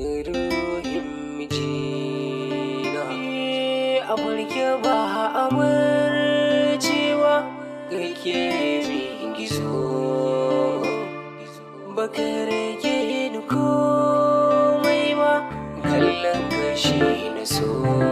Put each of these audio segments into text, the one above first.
ruhin mijina a barke ba amarcewa kake min gizo baka rage ni komai ba kallon kashi na so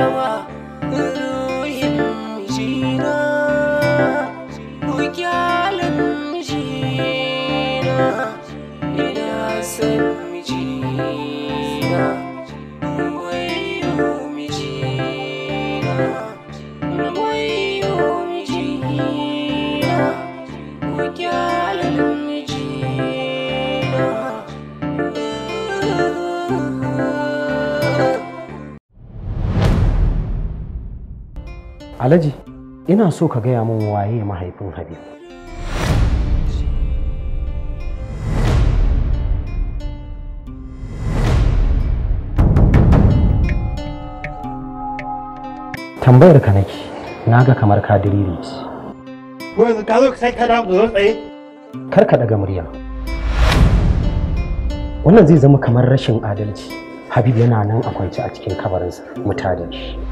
hawa ruhin Alhaji, ina so ka gaya min waye mahaifin Habib. Tambayar ka nake, na ga kamar ka diriri ce. Yanzu ka zo ka sai ka damu zo tsaye. Kar ka daga murya. Wannan zai zama kamar rashin adalci. Habib yana nan a kwance a cikin kabarinsa, mutane shi.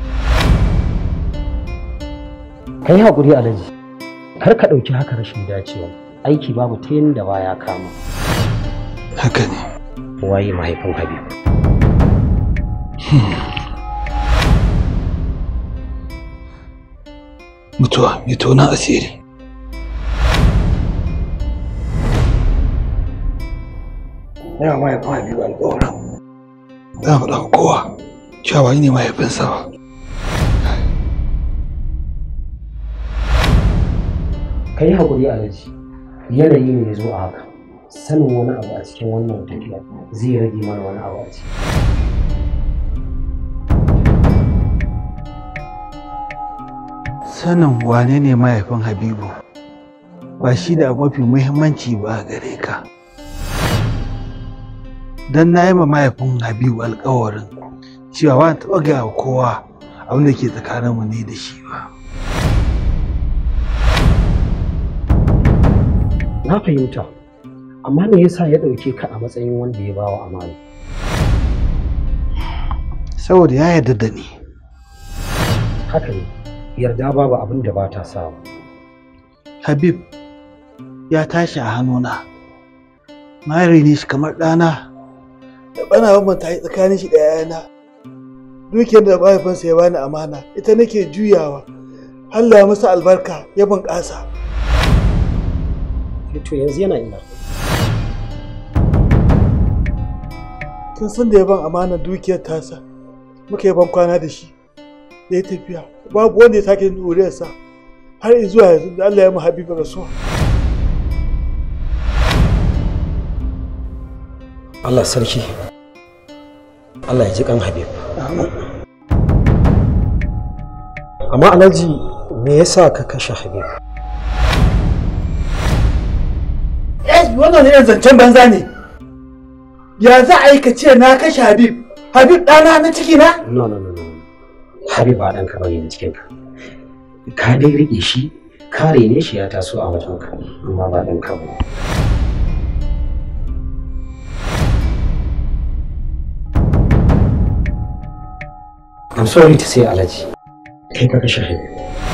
ka yi haƙuri alhaji kar ka ɗauki haka rashin dacewa aiki babu ta yadda baya kama haka ne waye mahaifin habibu hmm. mutuwa mito na asiri Ya mahaifin habibu alƙawarin za mu ɗauka kowa cewa ne mahaifinsa ba ka yi haƙuri a laji yanayi ne ya zo a haka sanin wani abu a cikin wannan tafiya zai rage mana wani abu a ciki sanin wane ne mahaifin habibu ba shi da mafi muhimmanci ba gare ka don na yi ma mahaifin habibu alkawarin cewa ba taɓa gaya kowa abin da ke tsakaninmu ne da shi ba na fahimta amma me yasa ya ɗauke ka a matsayin wanda ya bawa amana saboda ya yarda da ni haka ne yarda babu abin da ba ta samu habib ya tashi a hannuna na ne shi kamar ɗana da bana bambanta yi tsakanin shi da yayana dukiyar da mahaifinsa ya bani amana ita nake juyawa Allah ya masa albarka ya bunƙasa. to yanzu yana ina kin san da ya ban amana dukiyar tasa muka yi ban kwana da shi da ya tafiya babu wanda ya sake sa har zuwa yanzu da Allah ya mu habiba rasuwa Allah sarki Allah ya ji kan habib amma alhaji me yasa ka kashe habib wannan ne zancen banza ne ya za a yi ka ce na kashe habib habib ɗana na ciki na no no no habib ba ɗanka bane na cikin ka ka dai riƙe shi ka rene shi ya taso a wajen ka amma ba ɗanka bane I'm sorry to say Alhaji. Kai ka kashe Habib.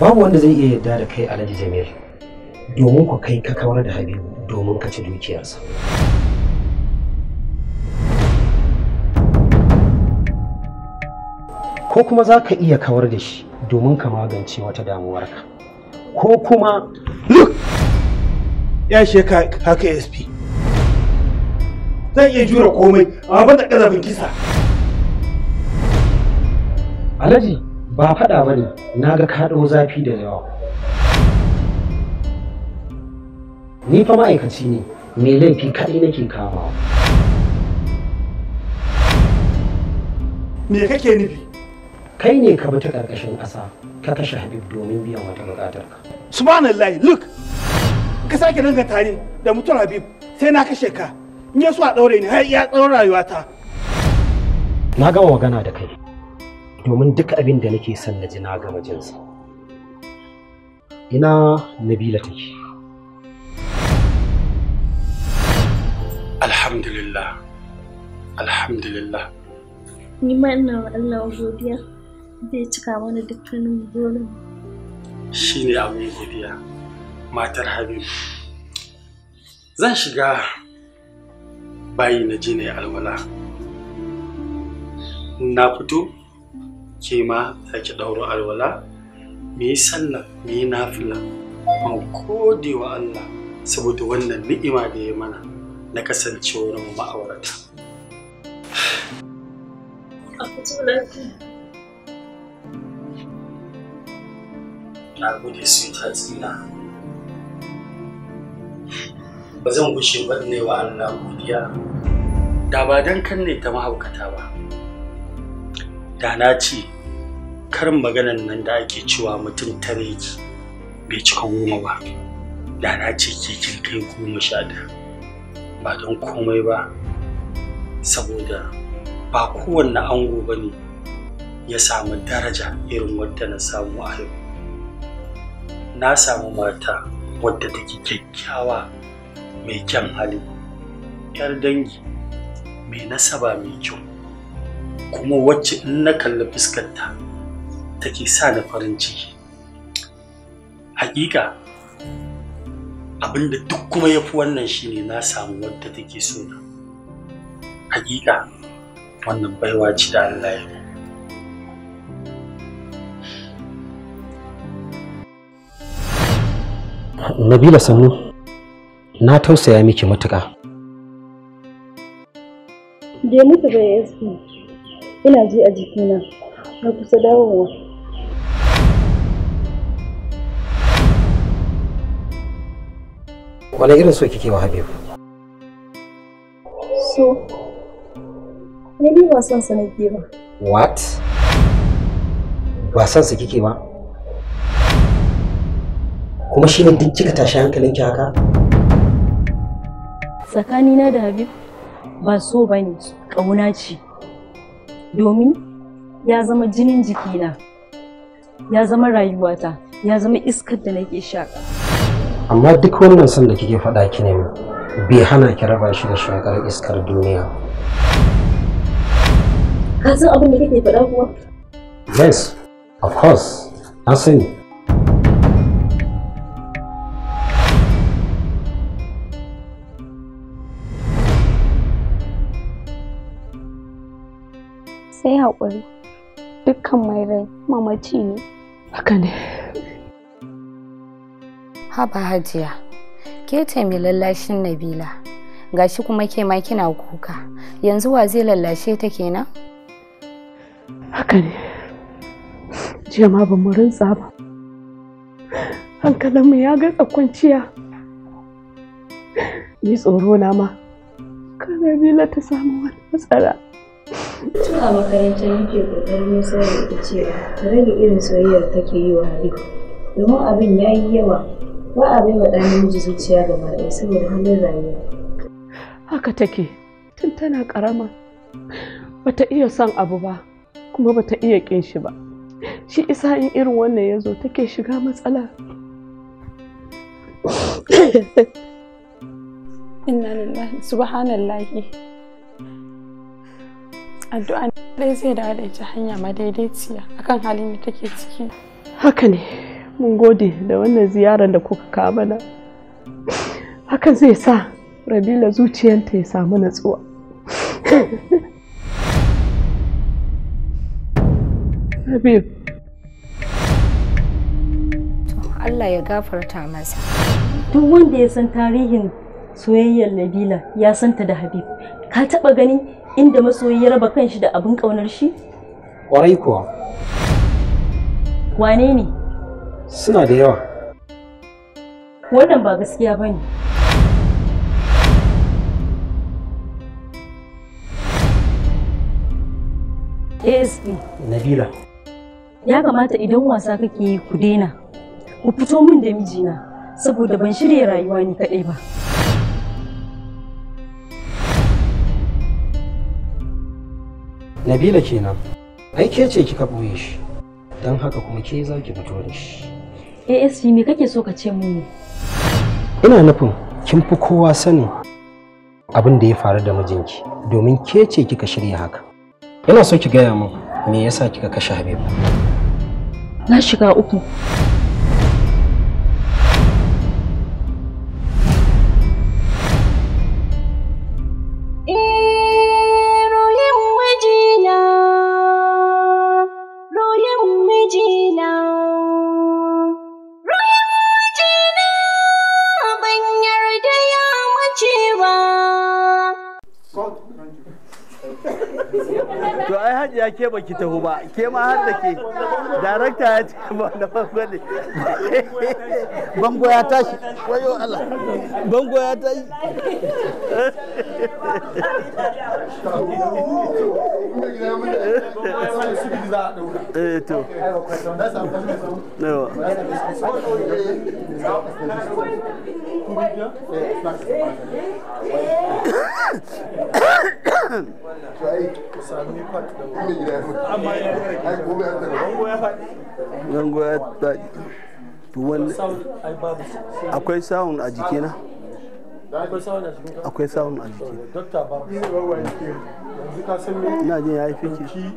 babu wanda zai iya yarda da kai alhaji jamil domin ku kai ka kawar da habibu domin ka ci dukiyarsa ko kuma za ka iya kawar da shi domin ka magance wata damuwarka ko kuma ya she ka haka sp zan iya jura komai amma da ƙazafin kisa alhaji ba faɗa ba ne na ga kaɗo zafi da yawa ni fa ma'aikaci ne mai laifi kaɗai nake kama. me kake nufi kai ne ka bi ta ƙarƙashin ƙasa ka kashe habib domin biyan wata buƙatar ka subhanallahi look ka sake nan tare da mutum habib sai na kashe ka in ya a ɗaure ni har iya tsawon rayuwata na gama magana da kai domin duk abin da nake son na ji na gama jinsa ina nabila take alhamdulillah alhamdulillah ni ma ina wa Allah godiya zai cika mana dukkanin shi ne abin godiya matar habib zan shiga bayi na je alwala na fito ke ma za ki ɗauro alwala mu yi sallah mu yi nafila mu gode wa Allah saboda wannan ni'ima da ya mana na kasancewar mu ma'aurata. Na gode su ta tsina. Ba zan gushe ba ne wa Allah godiya. Da ba don kan ne ta mahaukata ba. da na ce karin maganan nan da ake cewa mutum tare ki bai cika goma ba da na ce ke kin goma sha ba don komai ba saboda ba kowanne ango ba ne ya samu daraja irin wadda na samu a yau na samu mata wadda take kyakkyawa mai kyan hali 'yar dangi mai nasaba mai kyau kuma wacce in na kalli fuskarta take sa da farin ciki hakika abinda duk kuma ya fi wannan shine na samu wadda take so na hakika wannan baiwa ce da Allah ya Nabila Sanu na tausaya miki matuƙa. Je mutu bai ina ji a jikina na kusa dawowa wani irin so kike wa habibu so ne ni ba son sa nake ba what ba sa kike ba kuma shi ne duk kika tashi hankalin ki haka tsakanina da habib ba so bane kauna ce domin ya zama jinin jikina ya zama rayuwata ya zama iskar da nake shaƙa amma duk wannan san da kike faɗa ki ne bai hana ki raba shi da shakar iskar duniya ka san abin da kike faɗa kuwa yes of course na sani sai haƙuri dukkan mai rai mamaci ne haka ne haba hajiya ke ce mai lallashin nabila gashi kuma ke ma kina kuka yanzu wa zai lallashe ta kenan haka ne jiya ma ba mu rinsa ba hankalinmu ya ga tsakwanciya ni tsoro na ma kan nabila ta samu wani matsala Tun a makaranta nake ƙoƙarin nusar da ita cewa ta rage irin soyayyar take yi wa Habib. Domin abin ya yi yawa, ba a bai wa ɗan namiji zuciya gaba ɗaya saboda halin rayuwa. Haka take, tun tana ƙarama. Bata iya son abu ba, kuma bata iya ƙin shi ba. Shi isa in irin wannan ya zo take shiga matsala. Inna lillahi, subhanallahi. addu'a dai zai dawo da ita hanya ma madaidaiciya akan halin da take ciki haka ne mun gode da wannan ziyarar da kuka kawo mana haka zai sa rabila zuciyarta ya samu natsuwa Habib. Allah ya gafarta masa. Duk wanda ya san tarihin soyayyar Nabila ya santa da Habib. Ka taba gani inda masoyi ya raba kanshi da abin ƙaunar shi? Ƙwarai kuwa. Wane ne? Suna da yawa. Wannan ba gaskiya ba ne. ASP. Nabila. Ya kamata idan wasa kake ku daina. Ku fito min da mijina saboda ban shirya rayuwa ni kaɗai ba. nabila kenan ai ke ce kika ɓoye shi don haka kuma ke za ki fito da shi asp me kake so ka ce mun ina nufin kin fi kowa sanin abin da ya faru da mijinki domin ke ce kika shirya haka ina so ki gaya min me yasa kika kashe habibu na shiga uku Thank you. to ai hajji ya ke baki taho ba ke ma har da ke darakta ya ce ba na bango ne bango ya tashi wayo Allah bango ya tashi eh to no akwai sawun a jikina akwai sawun a jikina ina jin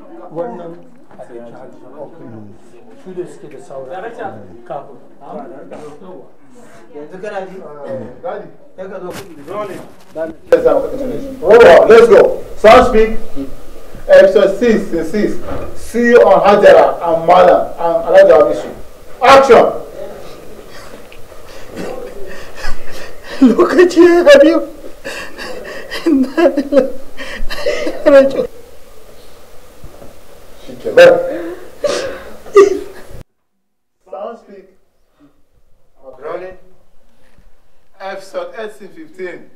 Let's go. Some speak exorcist insist see on Hajara and Malam and Alaja Omisu. Action! She came back. Sound speak. Rolling. Episode 1815.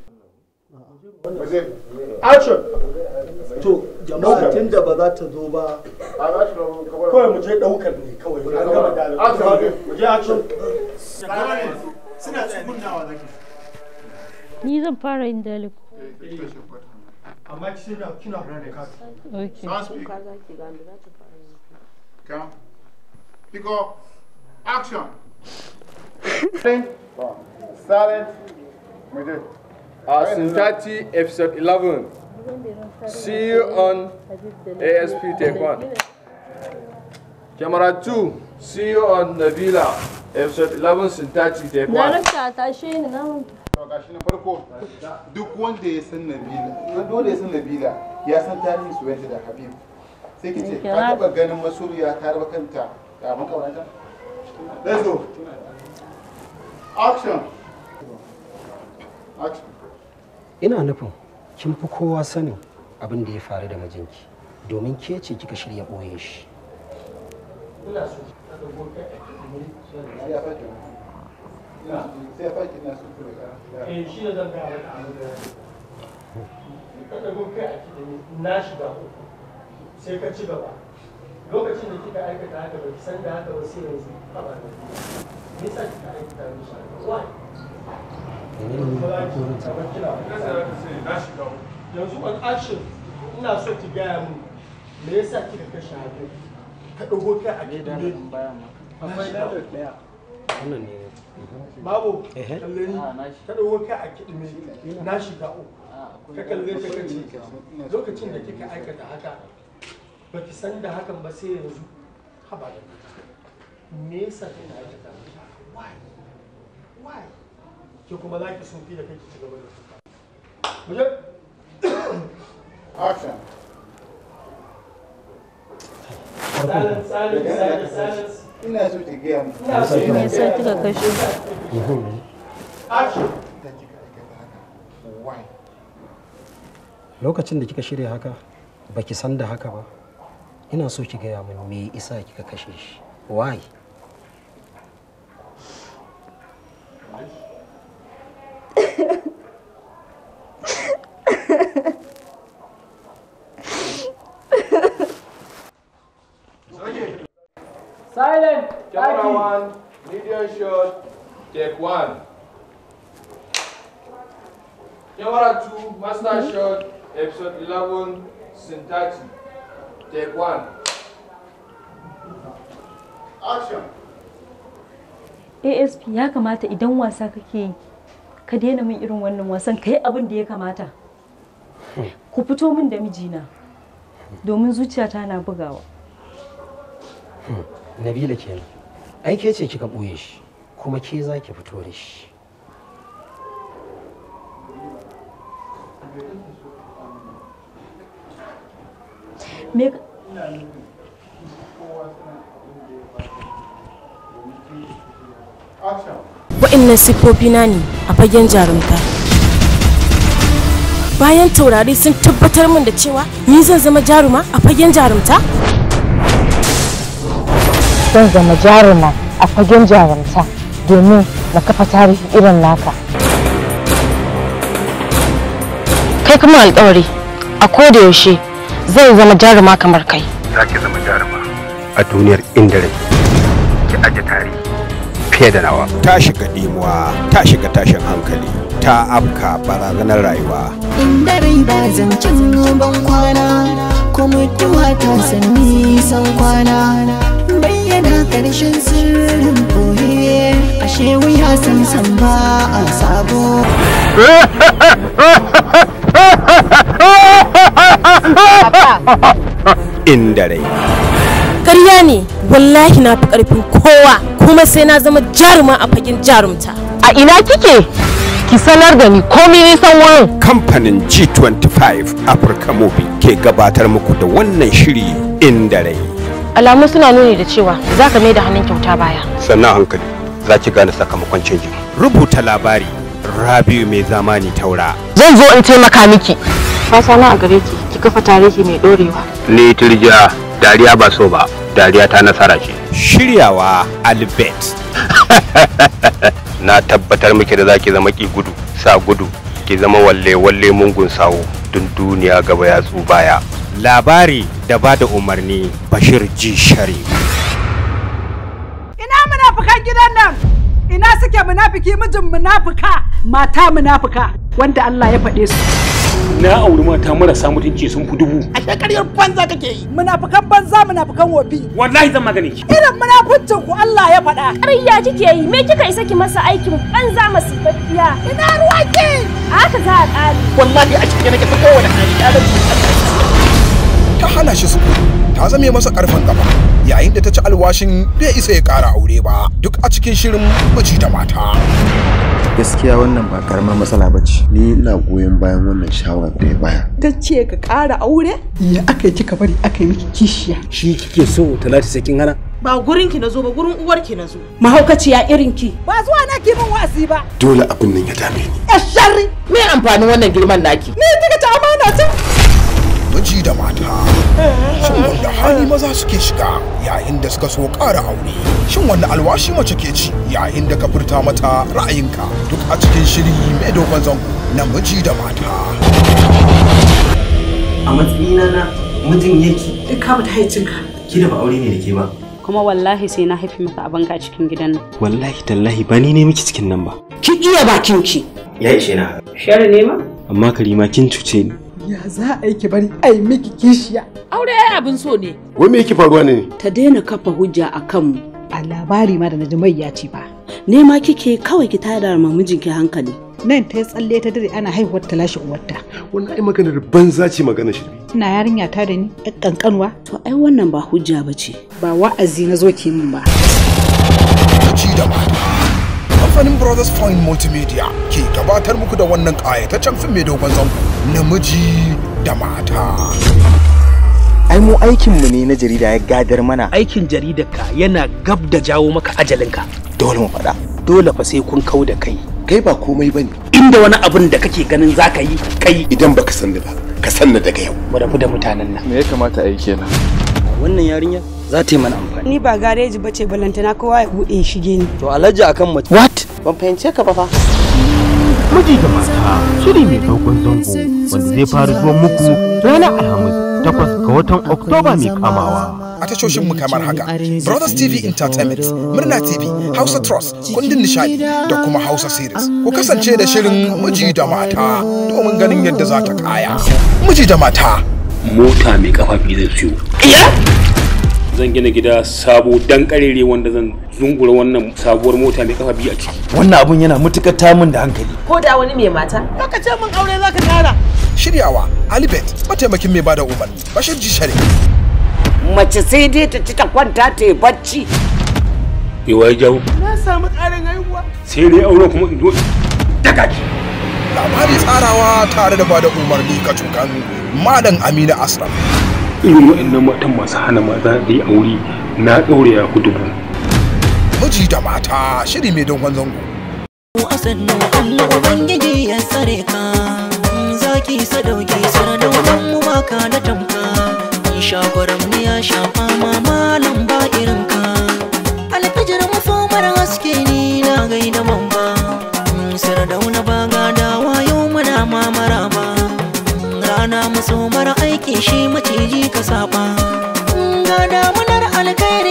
action to jama'a tun da ba za ta zo ba kawai mu je daukar ne kawai an mu je action suna tsugunnawa zaki ni zan fara yin dalib amma ki sai kina kula da kasu okay come pick up action silent silent mu je as in 30 episode 11. See you on ASP Take 1. Camera 2, see you on the villa episode 11 Syntaxi Take 1. let's go action action ina nufin kin fi kowa sanin abin da ya faru da mijinki domin ke ce kika shirya ɓoye shi sai ka ci gaba lokacin da kika aikata haka ba ki san da haka ba sai yanzu a ba ne yasa kika aikata mishi why yanzu an ashin ina so ki gaya mu me yasa kika kashe hannu ka dago kai a gidan ne akwai da daya babu kalle ni ah, ka dago kai a kidime na shiga uku ah, ka kalle ka kace lokacin da kika aikata haka baki san da hakan ba sai yanzu haba da me yasa kika aikata why why kuma sun fi da kai ki gaba da muje lokacin da kika shirya haka baki san da haka ba ina so ki gaya min me isa kika kashe shi why video shot, take one. Camera 2, master hmm? shot, episode 11, scene take one. Action. ASP ya kamata idan wasa kake yi, ka daina min irin wannan wasan ka yi abin da ya kamata. Ku fito min da mijina, domin zuciyata na bugawa. Hmm. Nabila kenan. ai ke ce kika ɓoye shi kuma ke za ki fito da shi Wa'innan siffofi na ne a fagen jarumta. Bayan taurari sun tabbatar min da cewa ni zan zama jaruma a fagen jarumta? Zan zama jaruma a fagen jarumta domin na kafa tarihi irin naka. Kai kuma alkawari a koda yaushe zai zama jaruma kamar kai. Za ki zama jaruma a duniyar inda rai ki aje tarihi fiye da nawa. Ta shiga dimuwa, ta shiga tashin hankali, ta afka barazanar rayuwa. Inda rai ba zancen ban kwana, kuma duwata ta san nisan kwana. Karshen sirrin koye ashe san ba a sabo inda rai ƙarya ne wallahi na fi ƙarfin kowa kuma sai na zama jaruma a fagen jarumta a ina kike ki sanar da ni komai nisan wurin. Kamfanin G25 Africa Movie ke gabatar muku da wannan shiri inda rai. alamu suna nuni da cewa za ka mai da hannun kyauta baya sannan hankali za ki gane sakamakon canji rubuta labari rabiu mai zamani taura zan zo in taimaka miki Fasa na a gare ki ki kafa tarihi mai dorewa ni turjiya dariya ba so ba dariya ta nasara ce shiryawa albert na tabbatar miki da za ki zama ki gudu sa gudu ki zama walle walle mungun sawo dun duniya gaba ya tsu baya labari da ba da umarni bashir ji shari ina munafukan gidan nan ina suke munafiki mijin munafuka mata munafuka wanda Allah ya faɗe su na auri mata marasa mutunci sun fi dubu a shekarar banza kake yi munafukan banza munafukan wofi wallahi zan magane ki irin munafuncin ku Allah ya faɗa ƙarya kike yi me kika isa ki masa aikin banza masu ina ruwa ke haka za a ƙare wallahi a cikin nake ta kowane hali ya zan ta hana shi su ta zame masa karfin gaba yayin da ta ci alwashin bai isa ya kara aure ba duk a cikin shirin mace da mata gaskiya wannan ba karamar matsala bace. ni ina goyon bayan wannan shawarar da ya baya ta ce ka kara aure ya aka yi kika bari aka yi miki kishiya shi kike so talati sai kin hana ba gurin ki nazo ba gurin uwar ki nazo mahaukaciya irin ki ba zuwa na ki min wasi ba dole abin nan ya dame ni sharri me amfanin wannan girman naki ni kika ta amana ta miji da mata shin wanda hali maza suke shiga yayin da suka so ƙara aure shin wanda alwashi mace ke ci yayin da ka furta mata ra'ayinka duk a cikin shiri mai dogon zango na miji da mata a matsayina na mijin yake duk ka bata haicinka ki da ba aure ne da ke ba kuma wallahi sai na haifi maka abin ka cikin gidan nan wallahi tallahi ba ni ne miki cikin nan ba ki iya bakin ki ya ishe na shari ne ma amma karima kin cuce ni Ya za a yi ki bari yi miki kishiya. Aure ya abin so ne. Wai me yake faruwa ne? Ta daina kafa hujja a kanmu. A labari ma da naji mai ya ce ba. Ne ma kike kawai ki tada ma mijinki hankali. Nan ta tsalle ta dare ana haihuwar ta lashe uwarta. Wannan ai maganar banza ce magana shi. Ina yarinya ta da ni ƴan kankanwa. To ai wannan ba hujja ba ce. Ba wa'azi na zo ki min ba. Ci da mata. kamfanin brothers fine multimedia ke gabatar muku da wannan ƙayataccen fim mai dogon zango namiji da mata ai mu aikinmu ne na jarida ya gadar mana aikin jaridarka yana gab da jawo maka ajalinka dole mu faɗa dole fa sai kun kau da kai kai ba komai bane inda wani abin da kake ganin zaka yi kai idan baka sanni ba ka sanni daga yau mu rabu da mutanen nan me ya kamata a yi kenan wannan yarinya za ta yi mana amfani ni ba gareji bace balantana kowa ya buɗe shige ni to alhaji akan mace what ban fahimce ka ba fa miji da mata shiri mai farkon zango wanda zai fara zuwa muku ranar alhamis takwas ga watan oktoba mai kamawa a tashoshin mu kamar haka Brothers TV Entertainment, Murna TV, Hausa Trust, Kundin Nishadi da kuma Hausa Series. Ku kasance da shirin miji da mata domin ganin yadda za ta kaya. Miji da mata. Mota mai kafa biyu zai siyo. Iya? zan gina gida sabo dan karere wanda zan zungura wannan sabuwar mota mai kafa biyu a ciki wannan abun yana mutukar tamun da hankali ko da wani mai mata baka ce mun aure zaka tara shiryawa alibet mataimakin mai bada umarni bashir jishare mace sai dai ta ci ta kwanta ta yi bacci yi wai jawo na samu ƙarin haihuwa sai dai aure kuma in zo daga ki labari tsarawa tare da bada umarni kacukan malam amina Asra. irin waɗannan matan masu hana maza da yi aure na ɗaure ya ku dubu. Miji da mata shiri mai don zango. ku. Ubangiji ya tsare ka zaki sadauki sanadin mu baka tamka ba irin ka ni na gaida mm, ba yau muna Rana riƙe shi maciji ka saba ga damunar alkhairi